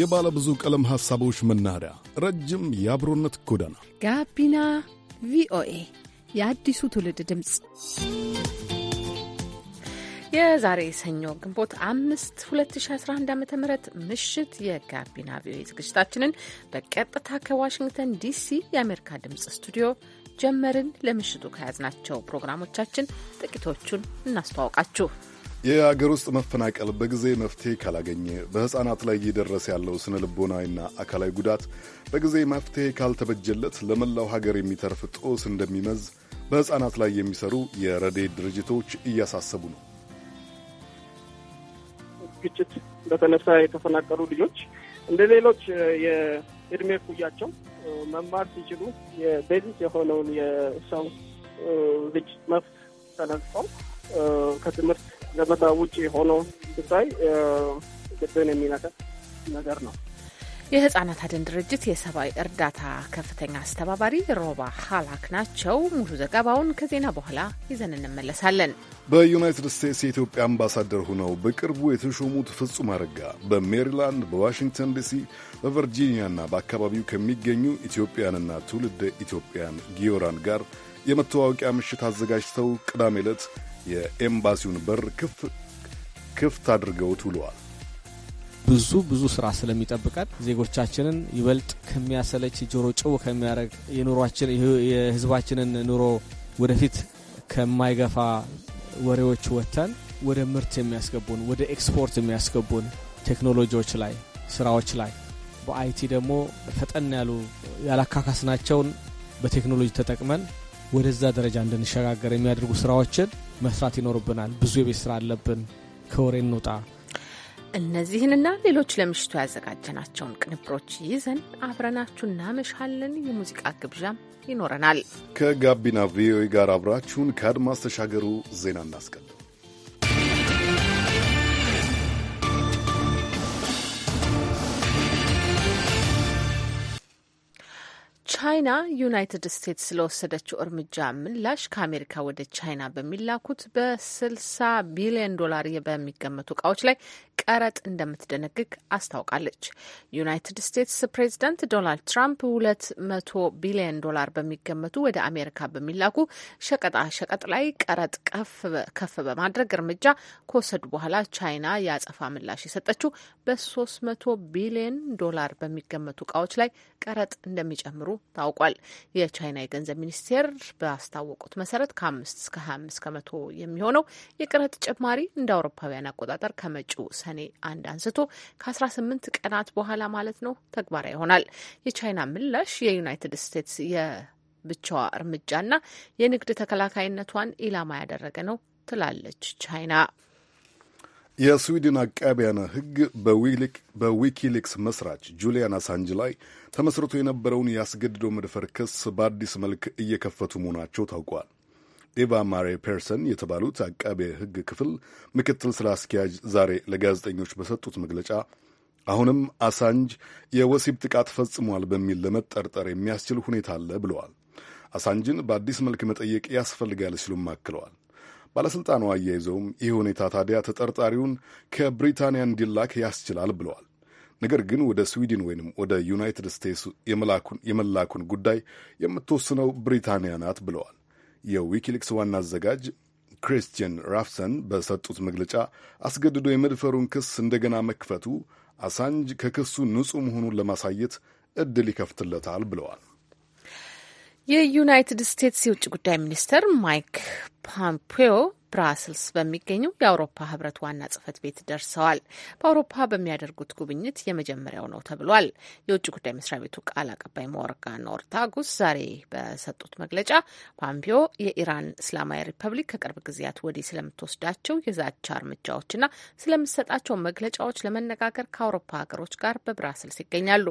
የባለ ብዙ ቀለም ሐሳቦች መናኸሪያ፣ ረጅም የአብሮነት ጎዳና፣ ጋቢና ቪኦኤ የአዲሱ ትውልድ ድምፅ። የዛሬ የሰኞ ግንቦት አምስት 2011 ዓ ም ምሽት የጋቢና ቪኦኤ ዝግጅታችንን በቀጥታ ከዋሽንግተን ዲሲ የአሜሪካ ድምፅ ስቱዲዮ ጀመርን። ለምሽቱ ከያዝናቸው ፕሮግራሞቻችን ጥቂቶቹን እናስተዋውቃችሁ። የአገር ውስጥ መፈናቀል በጊዜ መፍትሄ ካላገኘ በሕፃናት ላይ እየደረሰ ያለው ስነ ልቦናዊና አካላዊ ጉዳት በጊዜ መፍትሄ ካልተበጀለት ለመላው ሀገር የሚተርፍ ጦስ እንደሚመዝ በሕፃናት ላይ የሚሰሩ የረድኤት ድርጅቶች እያሳሰቡ ነው። ግጭት በተነሳ የተፈናቀሉ ልጆች እንደ ሌሎች የእድሜ እኩያቸው መማር ሲችሉ የቤዚስ የሆነውን የሰው ልጅ መፍት ተነጥቀው ከትምህርት ገበታ ውጭ ሆኖ ስታይ ልብን የሚነካ ነገር ነው። የህጻናት አድን ድርጅት የሰብአዊ እርዳታ ከፍተኛ አስተባባሪ ሮባ ሀላክ ናቸው። ሙሉ ዘገባውን ከዜና በኋላ ይዘን እንመለሳለን። በዩናይትድ ስቴትስ የኢትዮጵያ አምባሳደር ሆነው በቅርቡ የተሾሙት ፍጹም አረጋ በሜሪላንድ፣ በዋሽንግተን ዲሲ፣ በቨርጂኒያና በአካባቢው ከሚገኙ ኢትዮጵያንና ትውልደ ኢትዮጵያን ጊዮራን ጋር የመተዋወቂያ ምሽት አዘጋጅተው ቅዳሜ ዕለት የኤምባሲውን በር ክፍት አድርገውት ውለዋል። ብዙ ብዙ ስራ ስለሚጠብቀን ዜጎቻችንን ይበልጥ ከሚያሰለች ጆሮ ጭው ከሚያደርግ የኑሯችን የህዝባችንን ኑሮ ወደፊት ከማይገፋ ወሬዎች ወጥተን ወደ ምርት የሚያስገቡን ወደ ኤክስፖርት የሚያስገቡን ቴክኖሎጂዎች ላይ ስራዎች ላይ በአይቲ ደግሞ ፈጠን ያሉ ያላካካስናቸውን በቴክኖሎጂ ተጠቅመን ወደዛ ደረጃ እንድንሸጋገር የሚያደርጉ ስራዎችን መስራት ይኖርብናል። ብዙ የቤት ስራ አለብን። ከወሬ እንውጣ። እነዚህንና ሌሎች ለምሽቱ ያዘጋጀናቸውን ቅንብሮች ይዘን አብረናችሁ እናመሻለን። የሙዚቃ ግብዣም ይኖረናል። ከጋቢና ቪኦኤ ጋር አብራችሁን ከአድማስ ተሻገሩ። ዜና እናስቀድም። ቻይና ዩናይትድ ስቴትስ ስለወሰደችው እርምጃ ምላሽ ከአሜሪካ ወደ ቻይና በሚላኩት በ60 ቢሊዮን ዶላር በሚገመቱ እቃዎች ላይ ቀረጥ እንደምትደነግግ አስታውቃለች። ዩናይትድ ስቴትስ ፕሬዚዳንት ዶናልድ ትራምፕ ሁለት መቶ ቢሊዮን ዶላር በሚገመቱ ወደ አሜሪካ በሚላኩ ሸቀጣ ሸቀጥ ላይ ቀረጥ ከፍ በማድረግ እርምጃ ከወሰዱ በኋላ ቻይና የአጸፋ ምላሽ የሰጠችው በሶስት መቶ ቢሊዮን ዶላር በሚገመቱ እቃዎች ላይ ቀረጥ እንደሚጨምሩ ታውቋል። የቻይና የገንዘብ ሚኒስቴር ባስታወቁት መሰረት ከአምስት እስከ ሀያ አምስት ከመቶ የሚሆነው የቀረጥ ጭማሪ እንደ አውሮፓውያን አቆጣጠር ከመጪው ሰኔ አንድ አንስቶ ከ18 ቀናት በኋላ ማለት ነው ተግባራዊ ይሆናል። የቻይና ምላሽ የዩናይትድ ስቴትስ የብቻዋ እርምጃና የንግድ ተከላካይነቷን ኢላማ ያደረገ ነው ትላለች ቻይና። የስዊድን አቃቢያነ ሕግ በዊኪሊክስ መስራች ጁሊያን አሳንጅ ላይ ተመስርቶ የነበረውን የአስገድዶ መድፈር ክስ በአዲስ መልክ እየከፈቱ መሆናቸው ታውቋል። ኤቫ ማሬ ፔርሰን የተባሉት አቃቤ ሕግ ክፍል ምክትል ስራ አስኪያጅ ዛሬ ለጋዜጠኞች በሰጡት መግለጫ አሁንም አሳንጅ የወሲብ ጥቃት ፈጽሟል በሚል ለመጠርጠር የሚያስችል ሁኔታ አለ ብለዋል። አሳንጅን በአዲስ መልክ መጠየቅ ያስፈልጋል ሲሉም አክለዋል። ባለሥልጣኑ አያይዘውም ይህ ሁኔታ ታዲያ ተጠርጣሪውን ከብሪታንያ እንዲላክ ያስችላል ብለዋል። ነገር ግን ወደ ስዊድን ወይንም ወደ ዩናይትድ ስቴትስ የመላኩን ጉዳይ የምትወስነው ብሪታንያ ናት ብለዋል። የዊኪሊክስ ዋና አዘጋጅ ክሪስቲያን ራፍሰን በሰጡት መግለጫ አስገድዶ የመድፈሩን ክስ እንደገና መክፈቱ አሳንጅ ከክሱ ንጹሕ መሆኑን ለማሳየት እድል ይከፍትለታል ብለዋል። የዩናይትድ ስቴትስ የውጭ ጉዳይ ሚኒስትር ማይክ ፖምፔዮ ብራስልስ በሚገኘው የአውሮፓ ህብረት ዋና ጽህፈት ቤት ደርሰዋል። በአውሮፓ በሚያደርጉት ጉብኝት የመጀመሪያው ነው ተብሏል። የውጭ ጉዳይ መስሪያ ቤቱ ቃል አቀባይ ሞርጋን ኦርታጉስ ዛሬ በሰጡት መግለጫ ፖምፒዮ የኢራን እስላማዊ ሪፐብሊክ ከቅርብ ጊዜያት ወዲህ ስለምትወስዳቸው የዛቻ እርምጃዎችና ስለምትሰጣቸው መግለጫዎች ለመነጋገር ከአውሮፓ ሀገሮች ጋር በብራስልስ ይገኛሉ።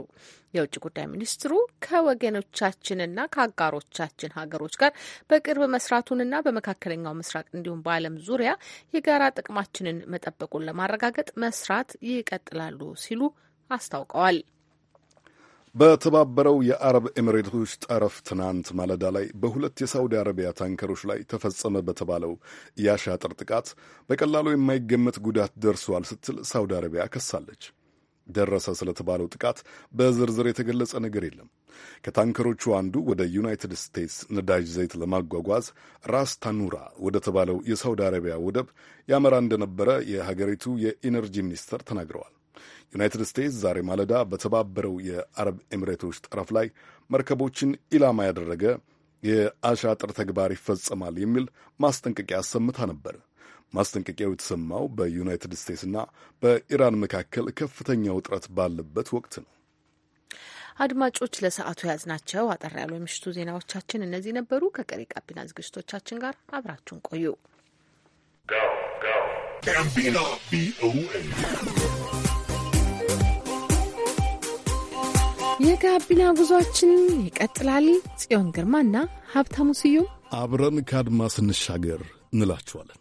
የውጭ ጉዳይ ሚኒስትሩ ከወገኖቻችንና ከአጋሮቻችን ሀገሮች ጋር በቅርብ መስራቱንና በመካከለኛው ምስራቅ እንዲሁም በዓለም ዙሪያ የጋራ ጥቅማችንን መጠበቁን ለማረጋገጥ መስራት ይቀጥላሉ ሲሉ አስታውቀዋል። በተባበረው የአረብ ኤሚሬቶች ጠረፍ ትናንት ማለዳ ላይ በሁለት የሳውዲ አረቢያ ታንከሮች ላይ ተፈጸመ በተባለው የአሻጥር ጥቃት በቀላሉ የማይገመት ጉዳት ደርሷል ስትል ሳውዲ አረቢያ ከሳለች። ደረሰ ስለተባለው ጥቃት በዝርዝር የተገለጸ ነገር የለም። ከታንከሮቹ አንዱ ወደ ዩናይትድ ስቴትስ ነዳጅ ዘይት ለማጓጓዝ ራስ ታኑራ ወደ ተባለው የሳውዲ አረቢያ ወደብ ያመራ እንደነበረ የሀገሪቱ የኢነርጂ ሚኒስተር ተናግረዋል። ዩናይትድ ስቴትስ ዛሬ ማለዳ በተባበረው የአረብ ኤሚሬቶች ጠረፍ ላይ መርከቦችን ኢላማ ያደረገ የአሻጥር ተግባር ይፈጸማል የሚል ማስጠንቀቂያ አሰምታ ነበር። ማስጠንቀቂያው የተሰማው በዩናይትድ ስቴትስና በኢራን መካከል ከፍተኛ ውጥረት ባለበት ወቅት ነው። አድማጮች ለሰዓቱ ናቸው። አጠር ያሉ የምሽቱ ዜናዎቻችን እነዚህ ነበሩ። ከቀሪ ጋቢና ዝግጅቶቻችን ጋር አብራችሁን ቆዩ። የጋቢና ጉዟችን ይቀጥላል። ጽዮን ግርማና ሀብታሙ ስዩም አብረን ከአድማ ስንሻገር እንላችኋለን።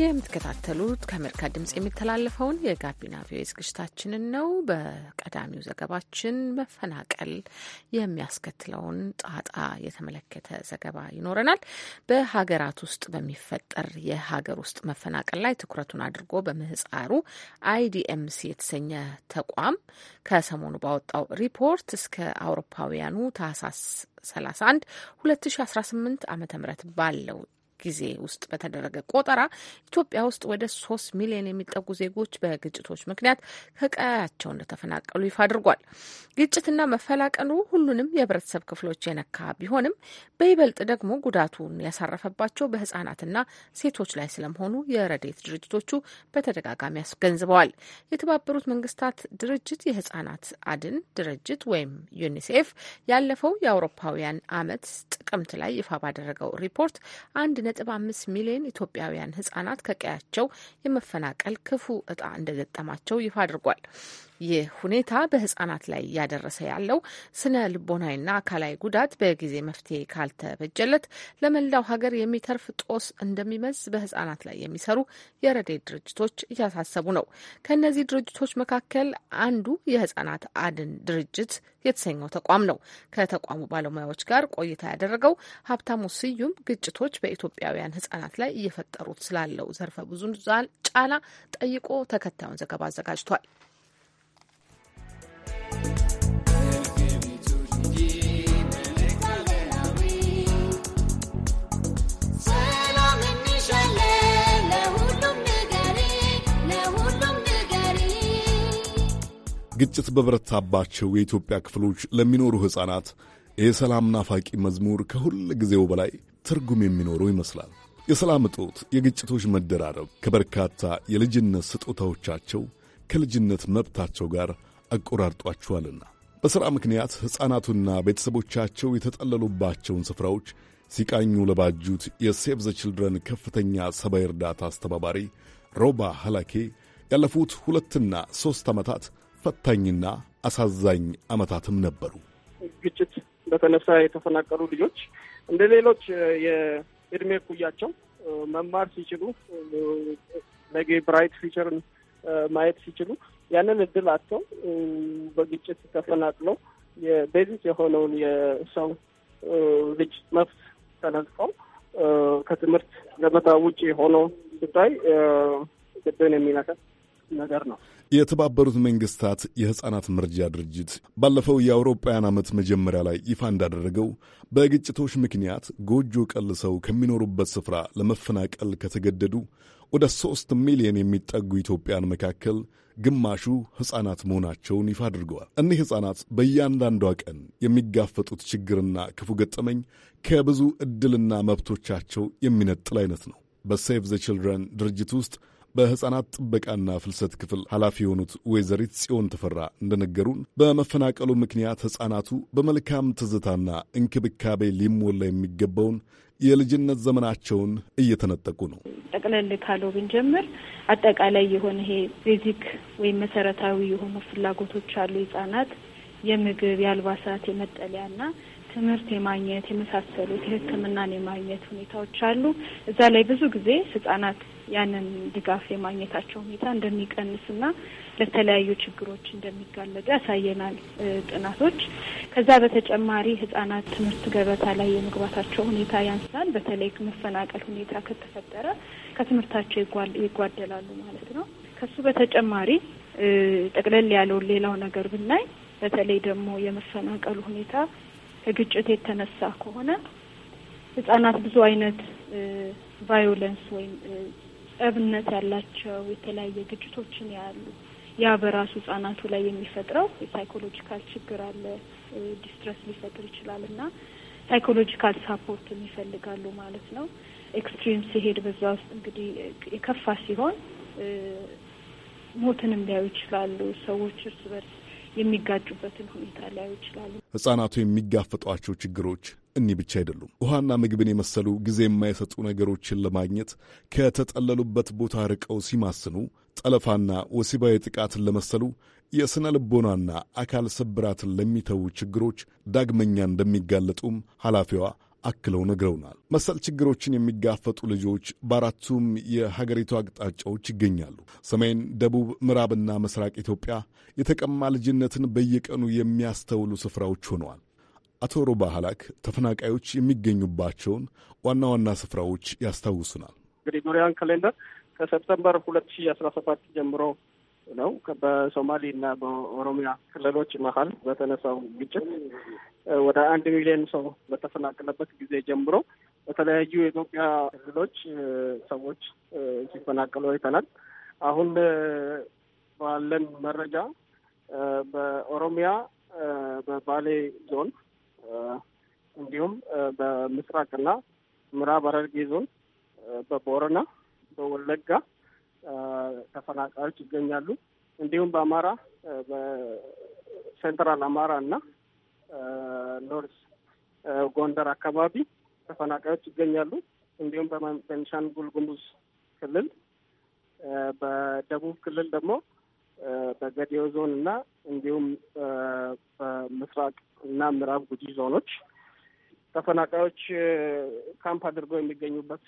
የምትከታተሉት ከአሜሪካ ድምጽ የሚተላለፈውን የጋቢና ቪዮ ዝግጅታችንን ነው። በቀዳሚው ዘገባችን መፈናቀል የሚያስከትለውን ጣጣ የተመለከተ ዘገባ ይኖረናል። በሀገራት ውስጥ በሚፈጠር የሀገር ውስጥ መፈናቀል ላይ ትኩረቱን አድርጎ በምህፃሩ አይዲኤምሲ የተሰኘ ተቋም ከሰሞኑ ባወጣው ሪፖርት እስከ አውሮፓውያኑ ታህሳስ 31 2018 ዓ ም ባለው ጊዜ ውስጥ በተደረገ ቆጠራ ኢትዮጵያ ውስጥ ወደ ሶስት ሚሊዮን የሚጠጉ ዜጎች በግጭቶች ምክንያት ከቀያቸው እንደተፈናቀሉ ይፋ አድርጓል። ግጭትና መፈላቀሉ ሁሉንም የህብረተሰብ ክፍሎች የነካ ቢሆንም በይበልጥ ደግሞ ጉዳቱን ያሳረፈባቸው በህጻናትና ሴቶች ላይ ስለመሆኑ የረዴት ድርጅቶቹ በተደጋጋሚ አስገንዝበዋል። የተባበሩት መንግስታት ድርጅት የህጻናት አድን ድርጅት ወይም ዩኒሴፍ ያለፈው የአውሮፓውያን አመት ጥቅምት ላይ ይፋ ባደረገው ሪፖርት አንድ ነጥብ አምስት ሚሊዮን ኢትዮጵያውያን ህጻናት ከቀያቸው የመፈናቀል ክፉ እጣ እንደገጠማቸው ይፋ አድርጓል። ይህ ሁኔታ በህጻናት ላይ እያደረሰ ያለው ስነ ልቦናዊና አካላዊ ጉዳት በጊዜ መፍትሄ ካልተበጀለት ለመላው ሀገር የሚተርፍ ጦስ እንደሚመዝ በህጻናት ላይ የሚሰሩ የረድኤት ድርጅቶች እያሳሰቡ ነው። ከእነዚህ ድርጅቶች መካከል አንዱ የህጻናት አድን ድርጅት የተሰኘው ተቋም ነው። ከተቋሙ ባለሙያዎች ጋር ቆይታ ያደረገው ሀብታሙ ስዩም ግጭቶች በኢትዮጵያውያን ህጻናት ላይ እየፈጠሩት ስላለው ዘርፈ ብዙ ጫና ጠይቆ ተከታዩን ዘገባ አዘጋጅቷል። ግጭት በበረታባቸው የኢትዮጵያ ክፍሎች ለሚኖሩ ሕፃናት የሰላም ናፋቂ መዝሙር ከሁል ጊዜው በላይ ትርጉም የሚኖረው ይመስላል። የሰላም እጦት፣ የግጭቶች መደራረብ ከበርካታ የልጅነት ስጦታዎቻቸው ከልጅነት መብታቸው ጋር አቆራርጧቸዋልና በሥራ ምክንያት ሕፃናቱና ቤተሰቦቻቸው የተጠለሉባቸውን ስፍራዎች ሲቃኙ ለባጁት የሴቭ ዘ ችልድረን ከፍተኛ ሰብአዊ እርዳታ አስተባባሪ ሮባ ሐላኬ ያለፉት ሁለትና ሦስት ዓመታት ፈታኝና አሳዛኝ ዓመታትም ነበሩ። ግጭት በተነሳ የተፈናቀሉ ልጆች እንደ ሌሎች የእድሜ እኩያቸው መማር ሲችሉ ነገ ብራይት ፊቸርን ማየት ሲችሉ ያንን እድል አጥተው በግጭት ተፈናቅለው የቤዚስ የሆነውን የሰው ልጅ መብት ተነጥቀው ከትምህርት ገበታ ውጭ የሆነው ስታይ ልብን የሚነካ ነገር ነው። የተባበሩት መንግስታት የሕፃናት መርጃ ድርጅት ባለፈው የአውሮፓውያን ዓመት መጀመሪያ ላይ ይፋ እንዳደረገው በግጭቶች ምክንያት ጎጆ ቀልሰው ከሚኖሩበት ስፍራ ለመፈናቀል ከተገደዱ ወደ ሦስት ሚሊዮን የሚጠጉ ኢትዮጵያን መካከል ግማሹ ሕፃናት መሆናቸውን ይፋ አድርገዋል። እኒህ ሕፃናት በእያንዳንዷ ቀን የሚጋፈጡት ችግርና ክፉ ገጠመኝ ከብዙ ዕድልና መብቶቻቸው የሚነጥል አይነት ነው። በሴቭ ዘ ችልድረን ድርጅት ውስጥ በሕፃናት ጥበቃና ፍልሰት ክፍል ኃላፊ የሆኑት ወይዘሪት ጽዮን ተፈራ እንደነገሩን በመፈናቀሉ ምክንያት ሕፃናቱ በመልካም ትዝታና እንክብካቤ ሊሞላ የሚገባውን የልጅነት ዘመናቸውን እየተነጠቁ ነው። ጠቅለል ካለው ብንጀምር አጠቃላይ የሆነ ይሄ ቤዚክ ወይም መሰረታዊ የሆኑ ፍላጎቶች አሉ ህጻናት የምግብ፣ የአልባሳት፣ የመጠለያና ትምህርት የማግኘት የመሳሰሉት የህክምናን የማግኘት ሁኔታዎች አሉ። እዛ ላይ ብዙ ጊዜ ህጻናት ያንን ድጋፍ የማግኘታቸው ሁኔታ እንደሚቀንስና ለተለያዩ ችግሮች እንደሚጋለጡ ያሳየናል ጥናቶች። ከዛ በተጨማሪ ህጻናት ትምህርት ገበታ ላይ የመግባታቸው ሁኔታ ያንሳል። በተለይ መፈናቀል ሁኔታ ከተፈጠረ ከትምህርታቸው ይጓደላሉ ማለት ነው። ከሱ በተጨማሪ ጠቅለል ያለውን ሌላው ነገር ብናይ በተለይ ደግሞ የመፈናቀሉ ሁኔታ ከግጭት የተነሳ ከሆነ ህጻናት ብዙ አይነት ቫዮለንስ ወይም ጠብነት ያላቸው የተለያየ ግጭቶችን ያሉ ያ በራሱ ህጻናቱ ላይ የሚፈጥረው የሳይኮሎጂካል ችግር አለ፣ ዲስትረስ ሊፈጥር ይችላል እና ሳይኮሎጂካል ሳፖርት ይፈልጋሉ ማለት ነው። ኤክስትሪም ሲሄድ በዛ ውስጥ እንግዲህ የከፋ ሲሆን ሞትንም ሊያዩ ይችላሉ። ሰዎች እርስ በርስ የሚጋጩበትን ሁኔታ ሊያዩ ይችላሉ። ህጻናቱ የሚጋፈጧቸው ችግሮች እኒህ ብቻ አይደሉም። ውሃና ምግብን የመሰሉ ጊዜ የማይሰጡ ነገሮችን ለማግኘት ከተጠለሉበት ቦታ ርቀው ሲማስኑ ጠለፋና ወሲባዊ ጥቃትን ለመሰሉ የሥነ ልቦናና አካል ስብራትን ለሚተዉ ችግሮች ዳግመኛ እንደሚጋለጡም ኃላፊዋ አክለው ነግረውናል። መሰል ችግሮችን የሚጋፈጡ ልጆች በአራቱም የሀገሪቱ አቅጣጫዎች ይገኛሉ። ሰሜን፣ ደቡብ፣ ምዕራብና ምስራቅ ኢትዮጵያ የተቀማ ልጅነትን በየቀኑ የሚያስተውሉ ስፍራዎች ሆነዋል። አቶ ሮባ ሀላክ ተፈናቃዮች የሚገኙባቸውን ዋና ዋና ስፍራዎች ያስታውሱናል። ግሪጎሪያን ካሌንደር ከሰፕተምበር ሁለት ሺ አስራ ሰባት ጀምሮ ነው በሶማሌ እና በኦሮሚያ ክልሎች መሀል በተነሳው ግጭት ወደ አንድ ሚሊዮን ሰው በተፈናቀለበት ጊዜ ጀምሮ በተለያዩ የኢትዮጵያ ክልሎች ሰዎች ሲፈናቀሉ አይተናል። አሁን ባለን መረጃ በኦሮሚያ በባሌ ዞን እንዲሁም በምስራቅና ምዕራብ ሐረርጌ ዞን በቦረና በወለጋ ተፈናቃዮች ይገኛሉ። እንዲሁም በአማራ በሴንትራል አማራ እና ኖርስ ጎንደር አካባቢ ተፈናቃዮች ይገኛሉ። እንዲሁም በቤንሻንጉል ጉሙዝ ክልል በደቡብ ክልል ደግሞ በገዲዮ ዞን እና እንዲሁም በምስራቅ እና ምዕራብ ጉጂ ዞኖች ተፈናቃዮች ካምፕ አድርገው የሚገኙበት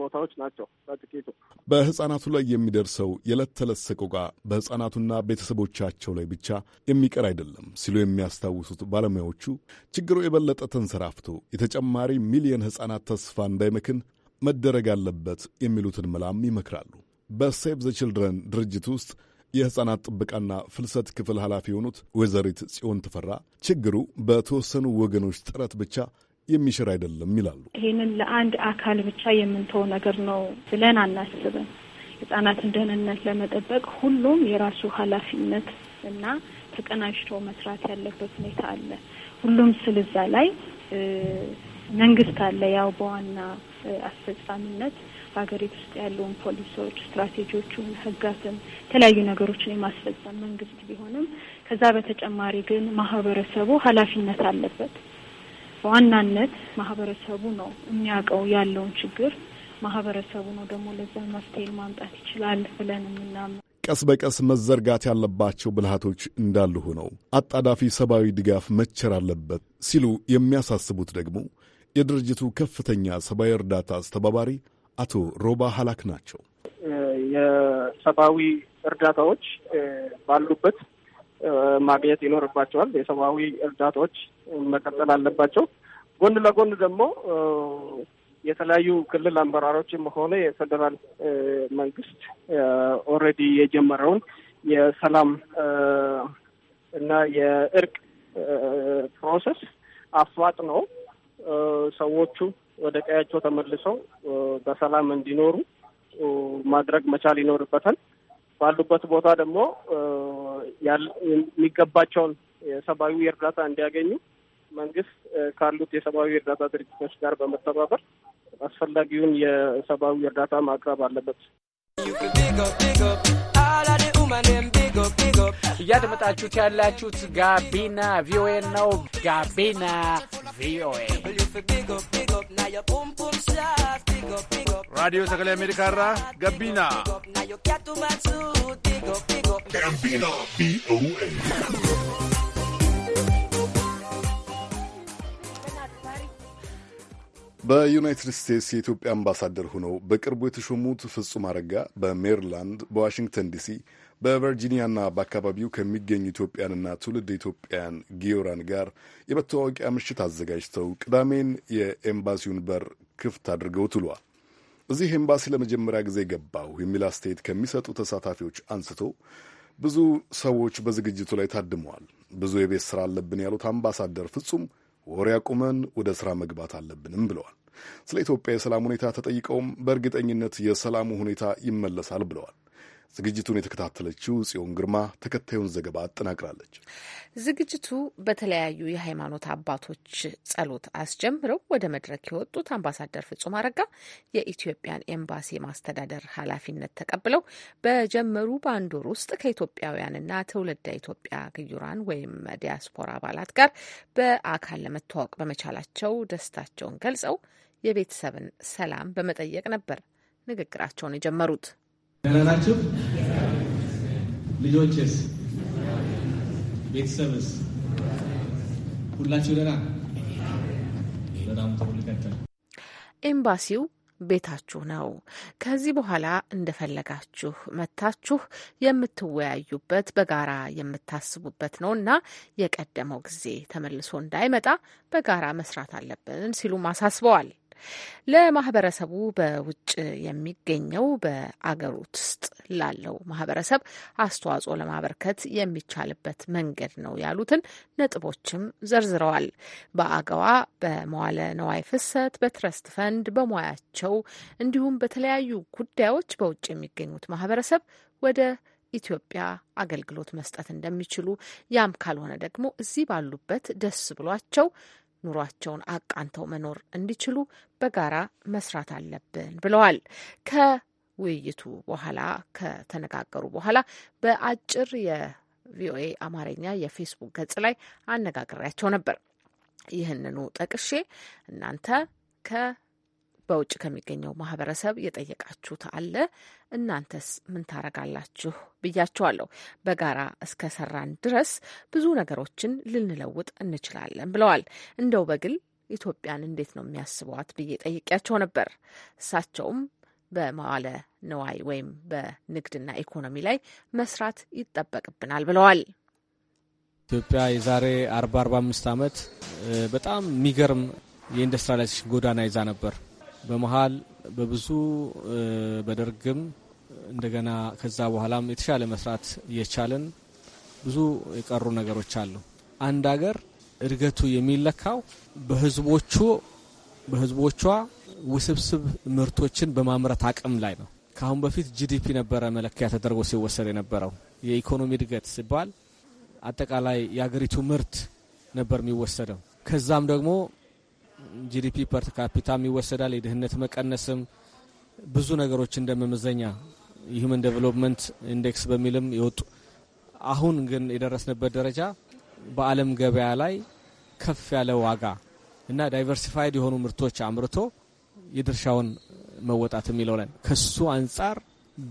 ቦታዎች ናቸው። በጥቂቱ በህጻናቱ ላይ የሚደርሰው የዕለት ተዕለት ሰቆቃ በህጻናቱና ቤተሰቦቻቸው ላይ ብቻ የሚቀር አይደለም ሲሉ የሚያስታውሱት ባለሙያዎቹ ችግሩ የበለጠ ተንሰራፍቶ የተጨማሪ ሚሊየን ህጻናት ተስፋ እንዳይመክን መደረግ አለበት የሚሉትን መላም ይመክራሉ። በሴቭ ዘ ችልድረን ድርጅት ውስጥ የሕፃናት ጥበቃና ፍልሰት ክፍል ኃላፊ የሆኑት ወይዘሪት ጽዮን ተፈራ ችግሩ በተወሰኑ ወገኖች ጥረት ብቻ የሚሽር አይደለም ይላሉ። ይህንን ለአንድ አካል ብቻ የምንተው ነገር ነው ብለን አናስብም። ሕፃናትን ደህንነት ለመጠበቅ ሁሉም የራሱ ኃላፊነት እና ተቀናጅቶ መስራት ያለበት ሁኔታ አለ። ሁሉም ስል እዛ ላይ መንግስት አለ ያው በዋና አስፈጻሚነት ሀገሪት ውስጥ ያለውን ፖሊሲዎች፣ ስትራቴጂዎቹን፣ ህጋትን፣ የተለያዩ ነገሮችን የማስፈጸም መንግስት ቢሆንም ከዛ በተጨማሪ ግን ማህበረሰቡ ኃላፊነት አለበት። በዋናነት ማህበረሰቡ ነው የሚያውቀው ያለውን ችግር ማህበረሰቡ ነው ደግሞ ለዛ መፍትሄ ማምጣት ይችላል ብለን የምናምን ቀስ በቀስ መዘርጋት ያለባቸው ብልሃቶች እንዳሉ ሆነው አጣዳፊ ሰብአዊ ድጋፍ መቸር አለበት ሲሉ የሚያሳስቡት ደግሞ የድርጅቱ ከፍተኛ ሰብአዊ እርዳታ አስተባባሪ አቶ ሮባ ሀላክ ናቸው። የሰብአዊ እርዳታዎች ባሉበት ማግኘት ይኖርባቸዋል። የሰብአዊ እርዳታዎች መቀጠል አለባቸው። ጎን ለጎን ደግሞ የተለያዩ ክልል አመራሮችም ሆነ የፌዴራል መንግስት ኦልሬዲ የጀመረውን የሰላም እና የእርቅ ፕሮሰስ አፋጥኖ ሰዎቹ ወደ ቀያቸው ተመልሰው በሰላም እንዲኖሩ ማድረግ መቻል ይኖርበታል። ባሉበት ቦታ ደግሞ የሚገባቸውን የሰብአዊ እርዳታ እንዲያገኙ መንግስት ካሉት የሰብአዊ እርዳታ ድርጅቶች ጋር በመተባበር አስፈላጊውን የሰብአዊ እርዳታ ማቅረብ አለበት። እያደመጣችሁት ያላችሁት ጋቢና ቪኦኤ ነው። ጋቢና ቪኦኤ Radio Sagalee Ameerikaa irraa Gabbina. በዩናይትድ ስቴትስ የኢትዮጵያ አምባሳደር ሆነው በቅርቡ የተሾሙት ፍጹም አረጋ በሜሪላንድ፣ በዋሽንግተን ዲሲ በቨርጂኒያና በአካባቢው ከሚገኙ ኢትዮጵያንና ትውልድ ኢትዮጵያን ጊዮራን ጋር የመተዋወቂያ ምሽት አዘጋጅተው ቅዳሜን የኤምባሲውን በር ክፍት አድርገው ትሏል። እዚህ ኤምባሲ ለመጀመሪያ ጊዜ ገባሁ የሚል አስተያየት ከሚሰጡ ተሳታፊዎች አንስቶ ብዙ ሰዎች በዝግጅቱ ላይ ታድመዋል። ብዙ የቤት ስራ አለብን ያሉት አምባሳደር ፍጹም ወሬ አቁመን ወደ ስራ መግባት አለብንም ብለዋል። ስለ ኢትዮጵያ የሰላም ሁኔታ ተጠይቀውም በእርግጠኝነት የሰላሙ ሁኔታ ይመለሳል ብለዋል። ዝግጅቱን የተከታተለችው ጽዮን ግርማ ተከታዩን ዘገባ አጠናቅራለች። ዝግጅቱ በተለያዩ የሃይማኖት አባቶች ጸሎት አስጀምረው ወደ መድረክ የወጡት አምባሳደር ፍጹም አረጋ የኢትዮጵያን ኤምባሲ ማስተዳደር ኃላፊነት ተቀብለው በጀመሩ በአንድ ወር ውስጥ ከኢትዮጵያውያንና ትውልደ ኢትዮጵያ ግዩራን ወይም ዲያስፖራ አባላት ጋር በአካል ለመተዋወቅ በመቻላቸው ደስታቸውን ገልጸው የቤተሰብን ሰላም በመጠየቅ ነበር ንግግራቸውን የጀመሩት። ደህናናችሁ? ልጆችስ? ቤተሰብስ? ሁላችሁ ደህና? በጣም ጥሩ ልቀጥል። ኤምባሲው ቤታችሁ ነው። ከዚህ በኋላ እንደፈለጋችሁ መታችሁ የምትወያዩበት በጋራ የምታስቡበት ነው እና የቀደመው ጊዜ ተመልሶ እንዳይመጣ በጋራ መስራት አለብን ሲሉም አሳስበዋል። ለማህበረሰቡ በውጭ የሚገኘው በአገር ውስጥ ላለው ማህበረሰብ አስተዋጽኦ ለማበርከት የሚቻልበት መንገድ ነው ያሉትን ነጥቦችም ዘርዝረዋል። በአገዋ በመዋለ ነዋይ ፍሰት፣ በትረስት ፈንድ፣ በሙያቸው እንዲሁም በተለያዩ ጉዳዮች በውጭ የሚገኙት ማህበረሰብ ወደ ኢትዮጵያ አገልግሎት መስጠት እንደሚችሉ ያም ካልሆነ ደግሞ እዚህ ባሉበት ደስ ብሏቸው ኑሯቸውን አቃንተው መኖር እንዲችሉ በጋራ መስራት አለብን ብለዋል። ከውይይቱ በኋላ ከተነጋገሩ በኋላ በአጭር የቪኦኤ አማርኛ የፌስቡክ ገጽ ላይ አነጋግሬያቸው ነበር። ይህንኑ ጠቅሼ እናንተ ከ በውጭ ከሚገኘው ማህበረሰብ የጠየቃችሁት አለ እናንተስ ምን ታረጋላችሁ ብያቸዋለሁ። በጋራ እስከሰራን ድረስ ብዙ ነገሮችን ልንለውጥ እንችላለን ብለዋል። እንደው በግል ኢትዮጵያን እንዴት ነው የሚያስበዋት ብዬ ጠይቄያቸው ነበር። እሳቸውም በመዋለ ንዋይ ወይም በንግድና ኢኮኖሚ ላይ መስራት ይጠበቅብናል ብለዋል። ኢትዮጵያ የዛሬ አርባ አርባ አምስት ዓመት በጣም የሚገርም የኢንዱስትሪላይዜሽን ጎዳና ይዛ ነበር። በመሀል በብዙ በደርግም እንደገና ከዛ በኋላም የተሻለ መስራት እየቻለን ብዙ የቀሩ ነገሮች አሉ። አንድ ሀገር እድገቱ የሚለካው በህዝቦቹ በህዝቦቿ ውስብስብ ምርቶችን በማምረት አቅም ላይ ነው። ከአሁን በፊት ጂዲፒ ነበረ መለኪያ ተደርጎ ሲወሰድ የነበረው። የኢኮኖሚ እድገት ሲባል አጠቃላይ የአገሪቱ ምርት ነበር የሚወሰደው። ከዛም ደግሞ ጂዲፒ ፐር ካፒታም ይወሰዳል። የድህነት መቀነስም ብዙ ነገሮች እንደ መመዘኛ ሂውመን ዴቨሎፕመንት ኢንዴክስ በሚልም የወጡ አሁን ግን የደረስንበት ደረጃ በዓለም ገበያ ላይ ከፍ ያለ ዋጋ እና ዳይቨርሲፋይድ የሆኑ ምርቶች አምርቶ የድርሻውን መወጣት የሚለው ላይ ከሱ አንጻር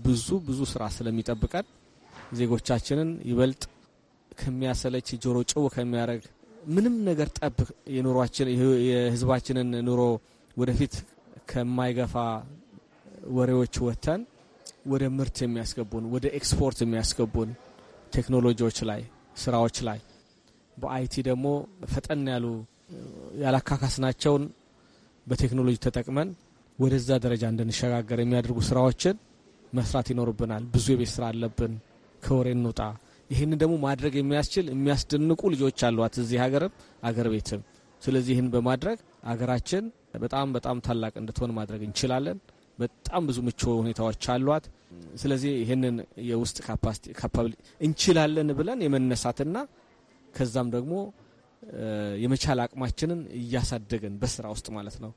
ብዙ ብዙ ስራ ስለሚጠብቀን ዜጎቻችንን ይበልጥ ከሚያሰለች ጆሮ ጭው ከሚያደርግ ምንም ነገር ጠብ የኑሯችን የህዝባችንን ኑሮ ወደፊት ከማይገፋ ወሬዎች ወጥተን ወደ ምርት የሚያስገቡን ወደ ኤክስፖርት የሚያስገቡን ቴክኖሎጂዎች ላይ ስራዎች ላይ በአይቲ ደግሞ ፈጠን ያሉ ያላካካስናቸውን በቴክኖሎጂ ተጠቅመን ወደዛ ደረጃ እንድንሸጋገር የሚያደርጉ ስራዎችን መስራት ይኖርብናል። ብዙ የቤት ስራ አለብን። ከወሬ እንውጣ። ይህን ደግሞ ማድረግ የሚያስችል የሚያስደንቁ ልጆች አሏት እዚህ ሀገርም አገር ቤትም። ስለዚህ ይህን በማድረግ አገራችን በጣም በጣም ታላቅ እንድትሆን ማድረግ እንችላለን። በጣም ብዙ ምቹ ሁኔታዎች አሏት። ስለዚህ ይህንን የውስጥ ካፓብሊ እንችላለን ብለን የመነሳትና ከዛም ደግሞ የመቻል አቅማችንን እያሳደግን በስራ ውስጥ ማለት ነው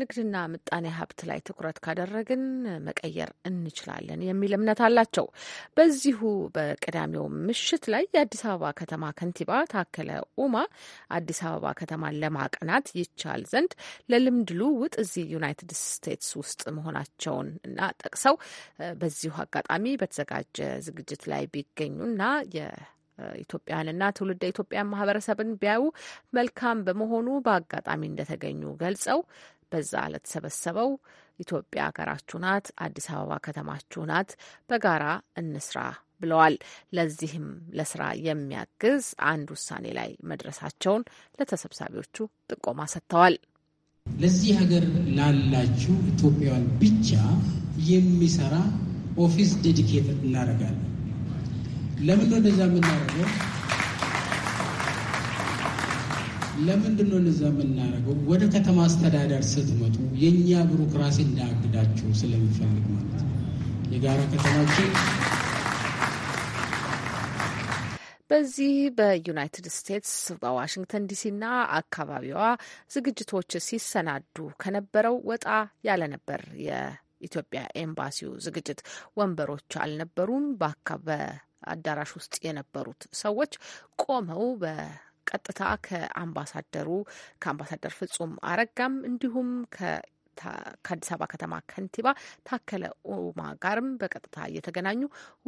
ንግድና ምጣኔ ሀብት ላይ ትኩረት ካደረግን መቀየር እንችላለን የሚል እምነት አላቸው። በዚሁ በቅዳሜው ምሽት ላይ የአዲስ አበባ ከተማ ከንቲባ ታከለ ኡማ አዲስ አበባ ከተማን ለማቅናት ይቻል ዘንድ ለልምድ ልውውጥ እዚህ ዩናይትድ ስቴትስ ውስጥ መሆናቸውን እና ጠቅሰው በዚሁ አጋጣሚ በተዘጋጀ ዝግጅት ላይ ቢገኙና ኢትዮጵያንና ትውልደ ኢትዮጵያን ማህበረሰብን ቢያዩ መልካም በመሆኑ በአጋጣሚ እንደተገኙ ገልጸው በዛ ለተሰበሰበው ኢትዮጵያ ሀገራችሁ ናት፣ አዲስ አበባ ከተማችሁ ናት፣ በጋራ እንስራ ብለዋል። ለዚህም ለስራ የሚያግዝ አንድ ውሳኔ ላይ መድረሳቸውን ለተሰብሳቢዎቹ ጥቆማ ሰጥተዋል። ለዚህ ሀገር ላላችሁ ኢትዮጵያውያን ብቻ የሚሰራ ኦፊስ ዴዲኬት እናደርጋለን። ለምን እንደዛ የምናደርገው ለምንድን ነው እንደዛ የምናደርገው? ወደ ከተማ አስተዳደር ስትመጡ የእኛ ቢሮክራሲ እንዳያግዳችሁ ስለሚፈልግ ማለት ነው። የጋራ ከተማችን በዚህ በዩናይትድ ስቴትስ በዋሽንግተን ዲሲና አካባቢዋ ዝግጅቶች ሲሰናዱ ከነበረው ወጣ ያለ ነበር። የኢትዮጵያ ኤምባሲው ዝግጅት ወንበሮች አልነበሩም። በአዳራሽ ውስጥ የነበሩት ሰዎች ቆመው ቀጥታ ከአምባሳደሩ ከአምባሳደር ፍጹም አረጋም እንዲሁም ከአዲስ አበባ ከተማ ከንቲባ ታከለ ኡማ ጋርም በቀጥታ እየተገናኙ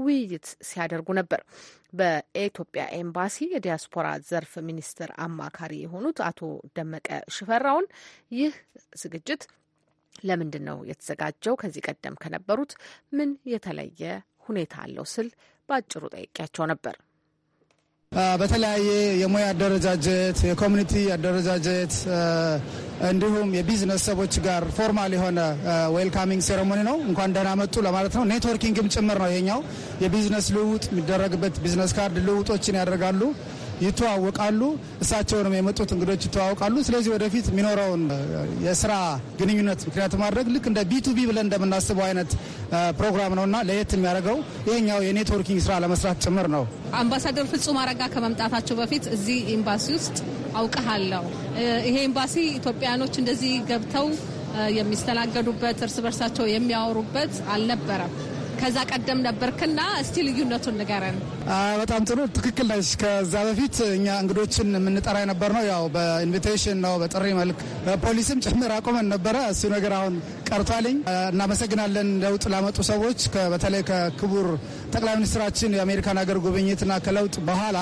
ውይይት ሲያደርጉ ነበር። በኢትዮጵያ ኤምባሲ የዲያስፖራ ዘርፍ ሚኒስትር አማካሪ የሆኑት አቶ ደመቀ ሽፈራውን ይህ ዝግጅት ለምንድን ነው የተዘጋጀው? ከዚህ ቀደም ከነበሩት ምን የተለየ ሁኔታ አለው ስል በአጭሩ ጠይቄያቸው ነበር። በተለያየ የሙያ አደረጃጀት፣ የኮሚኒቲ አደረጃጀት እንዲሁም የቢዝነስ ሰዎች ጋር ፎርማል የሆነ ዌልካሚንግ ሴሬሞኒ ነው። እንኳን ደህና መጡ ለማለት ነው። ኔትወርኪንግም ጭምር ነው። ይሄኛው የቢዝነስ ልውውጥ የሚደረግበት ቢዝነስ ካርድ ልውውጦችን ያደርጋሉ። ይተዋወቃሉ። እሳቸውንም የመጡት እንግዶች ይተዋወቃሉ። ስለዚህ ወደፊት የሚኖረውን የስራ ግንኙነት ምክንያት ማድረግ ልክ እንደ ቢቱቢ ብለን እንደምናስበው አይነት ፕሮግራም ነው እና ለየት የሚያደርገው ይህኛው የኔትወርኪንግ ስራ ለመስራት ጭምር ነው። አምባሳደር ፍጹም አረጋ ከመምጣታቸው በፊት እዚህ ኤምባሲ ውስጥ አውቀሃለሁ። ይሄ ኤምባሲ ኢትዮጵያኖች እንደዚህ ገብተው የሚስተናገዱበት እርስ በርሳቸው የሚያወሩበት አልነበረም። ከዛ ቀደም ነበርክና እስቲ ልዩነቱን ንገረን። በጣም ጥሩ ትክክል ነች። ከዛ በፊት እኛ እንግዶችን የምንጠራ የነበር ነው ያው በኢንቪቴሽን ነው በጥሪ መልክ ፖሊስም ጭምር አቁመን ነበረ። እሱ ነገር አሁን ቀርቷልኝ። እናመሰግናለን ለውጥ ላመጡ ሰዎች በተለይ ከክቡር ጠቅላይ ሚኒስትራችን የአሜሪካን ሀገር ጉብኝትና ከለውጥ በኋላ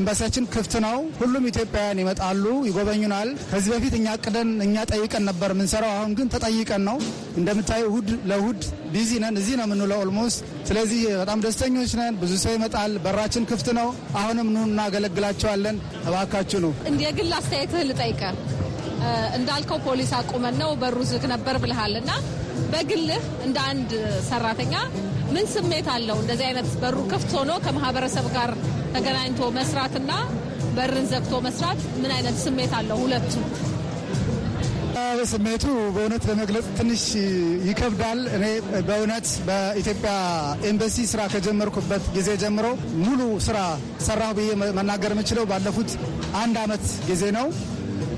ኤምባሲያችን ክፍት ነው። ሁሉም ኢትዮጵያውያን ይመጣሉ፣ ይጎበኙናል። ከዚህ በፊት እኛ ቅደን እኛ ጠይቀን ነበር የምንሰራው። አሁን ግን ተጠይቀን ነው። እንደምታየ እሁድ ለእሁድ ቢዚ ነን። እዚህ ነው የምንውለው ኦልሞስት። ስለዚህ በጣም ደስተኞች ነን። ብዙ ሰው ይመጣል። በራችን ክፍት ነው። አሁንም ኑ እናገለግላቸዋለን። እባካችሁ ነው እንዲ የግል አስተያየትህ ልጠይቀ እንዳልከው ፖሊስ አቁመን ነው በሩ ዝግ ነበር ብልሃል እና በግልህ እንደ አንድ ሰራተኛ ምን ስሜት አለው እንደዚህ አይነት በሩ ክፍት ሆኖ ከማህበረሰብ ጋር ተገናኝቶ መስራትና በርን ዘግቶ መስራት ምን አይነት ስሜት አለው ሁለቱ? ስሜቱ በእውነት ለመግለጽ ትንሽ ይከብዳል። እኔ በእውነት በኢትዮጵያ ኤምበሲ ስራ ከጀመርኩበት ጊዜ ጀምሮ ሙሉ ስራ ሰራሁ ብዬ መናገር የምችለው ባለፉት አንድ አመት ጊዜ ነው።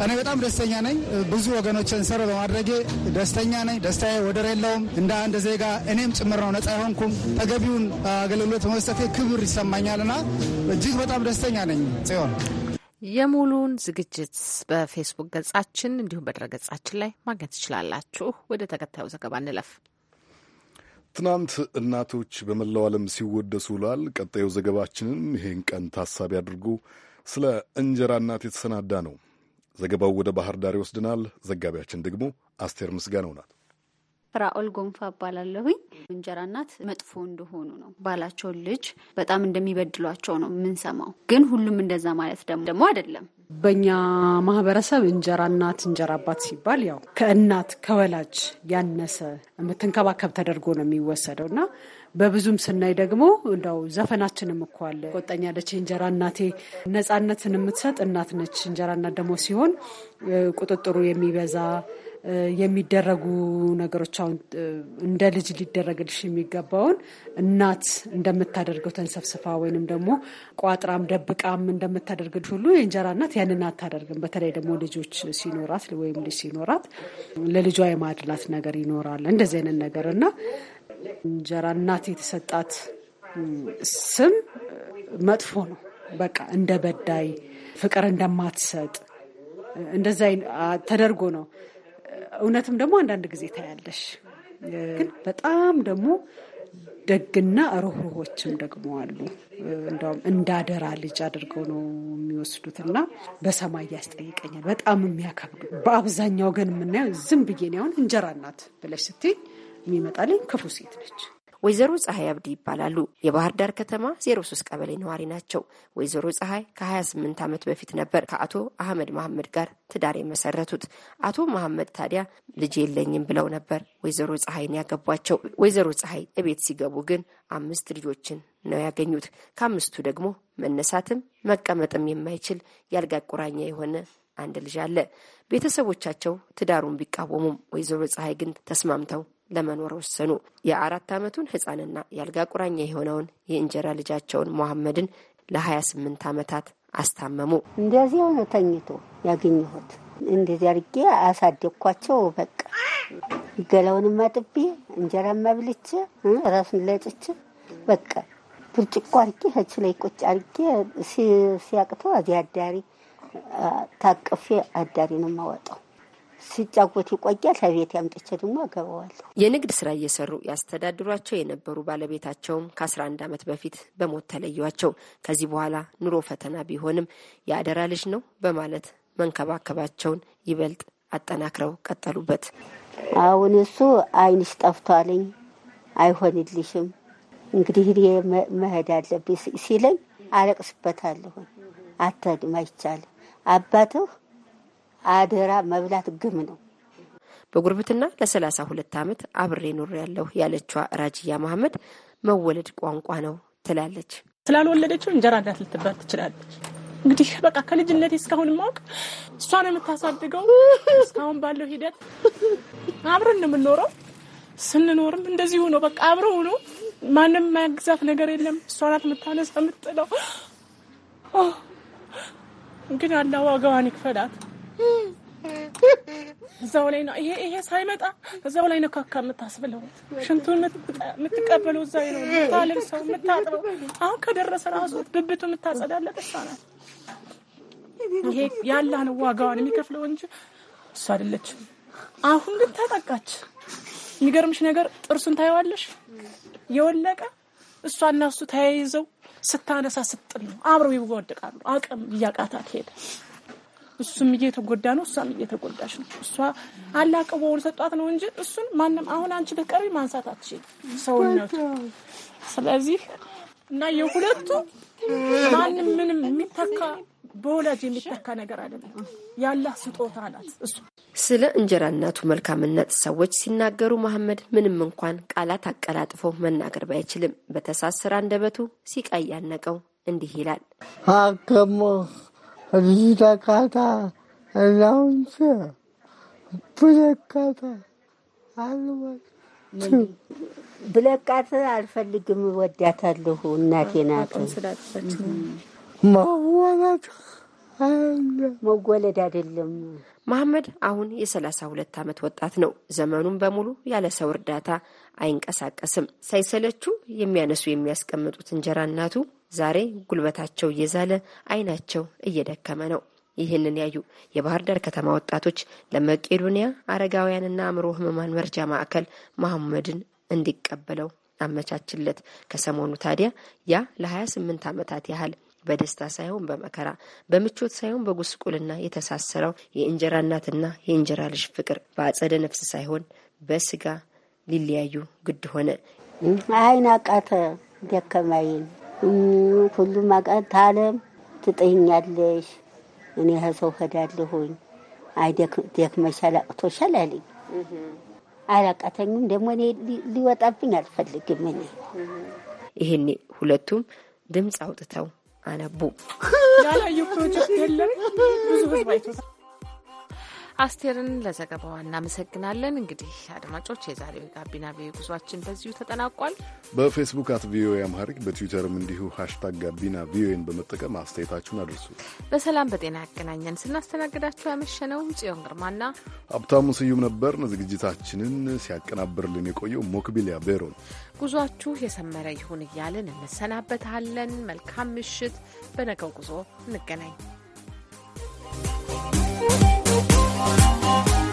እኔ በጣም ደስተኛ ነኝ። ብዙ ወገኖችን ሰሩ በማድረጌ ደስተኛ ነኝ። ደስታዬ ወደር የለውም። እንደ አንድ ዜጋ እኔም ጭምር ነው ነጻ የሆንኩም ተገቢውን አገልግሎት በመስጠቴ ክብር ይሰማኛልና እጅግ በጣም ደስተኛ ነኝ ጽዮን። የሙሉን ዝግጅት በፌስቡክ ገጻችን እንዲሁም በድረ ገጻችን ላይ ማግኘት ትችላላችሁ። ወደ ተከታዩ ዘገባ እንለፍ። ትናንት እናቶች በመላው ዓለም ሲወደሱ ውሏል። ቀጣዩ ዘገባችንም ይህን ቀን ታሳቢ አድርጎ ስለ እንጀራ እናት የተሰናዳ ነው። ዘገባው ወደ ባህር ዳር ይወስድናል። ዘጋቢያችን ደግሞ አስቴር ምስጋናው ናት። ራኦል ጎንፋ እባላለሁኝ። እንጀራ እናት መጥፎ እንደሆኑ ነው ባላቸውን ልጅ በጣም እንደሚበድሏቸው ነው የምንሰማው። ግን ሁሉም እንደዛ ማለት ደግሞ ደግሞ አይደለም። በእኛ ማህበረሰብ እንጀራ እናት እንጀራ አባት ሲባል ያው ከእናት ከወላጅ ያነሰ የምትንከባከብ ተደርጎ ነው የሚወሰደው እና በብዙም ስናይ ደግሞ እንደው ዘፈናችንም እኮ አለ ቆጠኛ ደች እንጀራ እናቴ ነጻነትን የምትሰጥ እናት ነች። እንጀራ እናት ደግሞ ሲሆን ቁጥጥሩ የሚበዛ የሚደረጉ ነገሮች አሁን እንደ ልጅ ሊደረግልሽ የሚገባውን እናት እንደምታደርገው ተንሰፍስፋ ወይንም ደግሞ ቋጥራም ደብቃም እንደምታደርግ ሁሉ የእንጀራ እናት ያንን አታደርግም። በተለይ ደግሞ ልጆች ሲኖራት ወይም ልጅ ሲኖራት ለልጇ የማድላት ነገር ይኖራል እንደዚህ አይነት ነገር እና እንጀራ እናት የተሰጣት ስም መጥፎ ነው። በቃ እንደ በዳይ ፍቅር እንደማትሰጥ እንደዛ ተደርጎ ነው። እውነትም ደግሞ አንዳንድ ጊዜ ታያለሽ። ግን በጣም ደግሞ ደግና ሩህሩሆችም ደግሞ አሉ። እንዲያውም እንዳደራ ልጅ አድርገው ነው የሚወስዱት እና በሰማይ ያስጠይቀኛል። በጣም የሚያከብዱ በአብዛኛው ግን የምናየው ዝም ብዬ ነው። አሁን እንጀራ እናት ብለሽ ስትይ የሚመጣልኝ ክፉ ሴት ነች። ወይዘሮ ፀሐይ አብዲ ይባላሉ። የባህር ዳር ከተማ 03 ቀበሌ ነዋሪ ናቸው። ወይዘሮ ፀሐይ ከ28 ዓመት በፊት ነበር ከአቶ አህመድ መሐመድ ጋር ትዳር የመሰረቱት። አቶ መሐመድ ታዲያ ልጅ የለኝም ብለው ነበር ወይዘሮ ፀሐይን ያገቧቸው። ወይዘሮ ፀሐይ እቤት ሲገቡ ግን አምስት ልጆችን ነው ያገኙት። ከአምስቱ ደግሞ መነሳትም መቀመጥም የማይችል ያልጋ ቁራኛ የሆነ አንድ ልጅ አለ። ቤተሰቦቻቸው ትዳሩን ቢቃወሙም ወይዘሮ ፀሐይ ግን ተስማምተው ለመኖር ወሰኑ። የአራት ዓመቱን ሕፃንና የአልጋ ቁራኛ የሆነውን የእንጀራ ልጃቸውን ሞሐመድን ለ28 ዓመታት አስታመሙ። እንደዚህ ሆኖ ተኝቶ ያገኘሁት እንደዚህ አድርጌ አሳደግኳቸው። በቃ ገላውን መጥቤ እንጀራ አብልቼ ራሱን ለጭቼ በቃ ብርጭቆ አድርጌ ህች ላይ ቁጭ አድርጌ ሲያቅተው እዚህ አዳሪ ታቅፌ አዳሪ ነው የማወጣው። ሲጫወት ይቆያል። ከቤት ያምጥቼ ደግሞ አገባዋለሁ። የንግድ ስራ እየሰሩ ያስተዳድሯቸው የነበሩ ባለቤታቸውም ከ11 ዓመት በፊት በሞት ተለዩዋቸው። ከዚህ በኋላ ኑሮ ፈተና ቢሆንም የአደራ ልጅ ነው በማለት መንከባከባቸውን ይበልጥ አጠናክረው ቀጠሉበት። አሁን እሱ አይንሽ ጠፍቷልኝ አይሆንልሽም እንግዲህ መሄድ አለብኝ ሲለኝ አለቅስበታለሁ። አትሄድም አይቻልም አባትህ አደራ መብላት ግም ነው። በጉርብትና ለሰላሳ ሁለት ዓመት አብሬ ኖር ያለሁ ያለችዋ ራጅያ መሐመድ መወለድ ቋንቋ ነው ትላለች። ስላልወለደችው እንጀራ እናት ልትባል ትችላለች። እንግዲህ በቃ ከልጅነት እስካሁን ማወቅ እሷን የምታሳድገው እስካሁን ባለው ሂደት አብረን ነው የምንኖረው። ስንኖርም እንደዚሁ ነው። በቃ አብረው ሆኖ ማንም የማያግዛት ነገር የለም። እሷ ናት የምታነሳ የምትጥለው። ግን አላ ዋጋዋን ይክፈላት። እዛው ላይ ነው ይሄ ይሄ ሳይመጣ እዛው ላይ ነው ካካ የምታስብለው፣ ሽንቱን የምትቀበለው እዛው ነው፣ ሰው የምታጥበው። አሁን ከደረሰ ራሱ ብብቱ የምታጸዳለት እሷ ናት። ይሄ ነው ዋጋዋን የሚከፍለው እንጂ እሷ አይደለች አሁን ግን ተጠቃች። የሚገርምሽ ነገር ጥርሱን ታየዋለሽ የወለቀ እሷ እና እሱ ተያይዘው ስታነሳ ስጥል ነው አብረው ይወደቃሉ። አቅም እያቃታት ሄደ። እሱም እየተጎዳ ነው፣ እሷም እየተጎዳች ነው። እሷ አላቅበው ሰጧት ነው እንጂ እሱን ማንም አሁን አንቺ በቀሪ ማንሳት አትችል ሰውነቱ። ስለዚህ እና የሁለቱ ማንም ምንም የሚተካ በወላጅ የሚተካ ነገር አይደለም። ያለ ስጦታ አላት እሱ። ስለ እንጀራ እናቱ መልካምነት ሰዎች ሲናገሩ መሐመድ ምንም እንኳን ቃላት አቀላጥፎ መናገር ባይችልም በተሳሰረ አንደበቱ ሲቃይ ያነቀው እንዲህ ይላል አከሞ ሪዳካታ አላውንስ ብለካታ አልባት ብለቃት አልፈልግም። ወዳታለሁ እናቴ ናት። ማዋላት መወለድ አይደለም። መሐመድ አሁን የሰላሳ ሁለት ዓመት ወጣት ነው። ዘመኑን በሙሉ ያለ ሰው እርዳታ አይንቀሳቀስም። ሳይሰለቹ የሚያነሱ የሚያስቀምጡት እንጀራ እናቱ ዛሬ ጉልበታቸው እየዛለ አይናቸው እየደከመ ነው። ይህንን ያዩ የባህር ዳር ከተማ ወጣቶች ለመቄዶንያ አረጋውያንና አእምሮ ህመማን መርጃ ማዕከል መሐመድን እንዲቀበለው አመቻችለት። ከሰሞኑ ታዲያ ያ ለ28 ዓመታት ያህል በደስታ ሳይሆን በመከራ በምቾት ሳይሆን በጉስቁልና የተሳሰረው የእንጀራ እናትና የእንጀራ ልጅ ፍቅር በአጸደ ነፍስ ሳይሆን በስጋ ሊለያዩ ግድ ሆነ። አይን አቃተ ደከማይን ሁሉም አቃተ አለም ትጥኛለሽ እኔ ከሰው ሄዳለሁኝ አይ ደክመሻል አቅቶሻል አለኝ። አላቃተኝም ደግሞ እኔ ሊወጣብኝ አልፈልግም እኔ ይሄኔ ሁለቱም ድምፅ አውጥተው አነቡ። ያላየ ፕሮጀክት የለም ብዙ ህዝብ አይቶታል። አስቴርን ለዘገባዋ እናመሰግናለን። እንግዲህ አድማጮች የዛሬው የጋቢና ቪኦኤ ጉዟችን በዚሁ ተጠናቋል። በፌስቡክ አት ቪኦኤ አምሃሪክ በትዊተርም እንዲሁ ሀሽታግ ጋቢና ቪኦኤን በመጠቀም አስተያየታችሁን አድርሱ። በሰላም በጤና ያገናኘን። ስናስተናግዳችሁ ያመሸነው ጽዮን ግርማና ሀብታሙ ስዩም ነበርን። ዝግጅታችንን ሲያቀናብርልን የቆየው ሞክቢሊያ ቤሮን። ጉዟችሁ የሰመረ ይሁን እያልን እንሰናበታለን። መልካም ምሽት። በነገው ጉዞ እንገናኝ። Oh, oh, oh.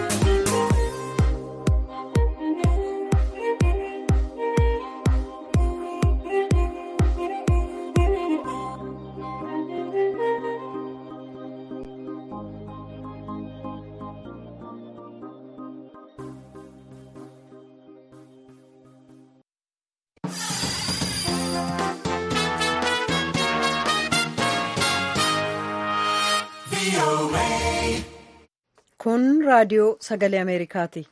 radio Sagalee Amerikaati.